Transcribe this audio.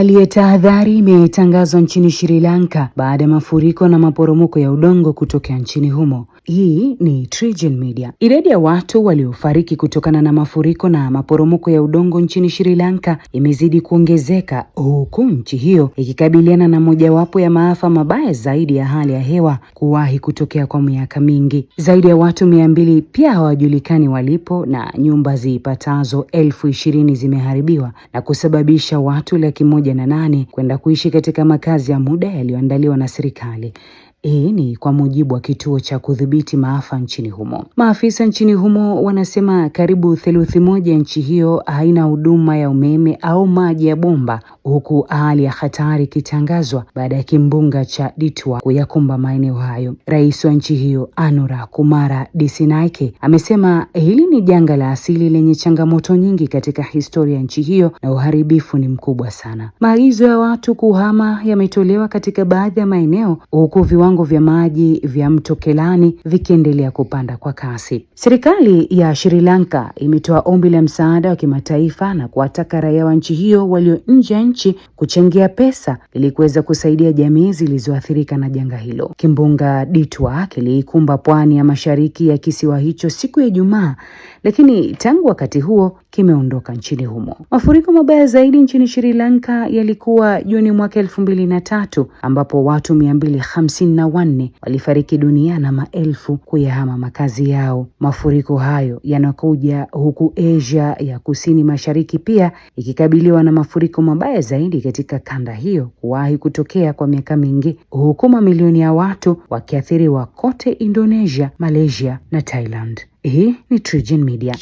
Hali ya tahadhari imetangazwa nchini Sri Lanka baada ya mafuriko na maporomoko ya udongo kutokea nchini humo. Hii ni TriGen Media. Idadi ya watu waliofariki kutokana na mafuriko na maporomoko ya udongo nchini Sri Lanka imezidi kuongezeka huku nchi hiyo ikikabiliana na mojawapo ya maafa mabaya zaidi ya hali ya hewa kuwahi kutokea kwa miaka mingi. Zaidi ya watu mia mbili pia hawajulikani walipo na nyumba zipatazo elfu ishirini zimeharibiwa na kusababisha watu laki moja pamoja na nane kwenda kuishi katika makazi ya muda yaliyoandaliwa na serikali. Hii ni kwa mujibu wa kituo cha kudhibiti maafa nchini humo. Maafisa nchini humo wanasema karibu theluthi moja ya nchi hiyo haina huduma ya umeme au maji ya bomba, huku hali ya hatari ikitangazwa baada ya kimbunga cha Ditwa kuyakumba maeneo hayo. Rais wa nchi hiyo Anura Kumara Disinaike amesema hili ni janga la asili lenye changamoto nyingi katika historia ya nchi hiyo na uharibifu ni mkubwa sana. Maagizo ya watu kuhama yametolewa katika baadhi ya maeneo huku viwango vya maji vya mto Kelani vikiendelea kupanda kwa kasi. Serikali ya Sri Lanka imetoa ombi la msaada wa kimataifa na kuwataka raia wa nchi hiyo walio nje ya nchi kuchangia pesa ili kuweza kusaidia jamii zilizoathirika na janga hilo. Kimbunga Ditwa kiliikumba pwani ya mashariki ya kisiwa hicho siku ya Ijumaa, lakini tangu wakati huo kimeondoka nchini humo. Mafuriko mabaya zaidi nchini Sri Lanka yalikuwa Juni mwaka elfu mbili na tatu ambapo watu mia mbili hamsini na wanne walifariki dunia na maelfu kuyahama makazi yao. Mafuriko hayo yanakuja huku Asia ya kusini mashariki pia ikikabiliwa na mafuriko mabaya zaidi katika kanda hiyo kuwahi kutokea kwa miaka mingi, huku mamilioni ya watu wakiathiriwa kote Indonesia, Malaysia na Thailand. Hii ni TriGen Media.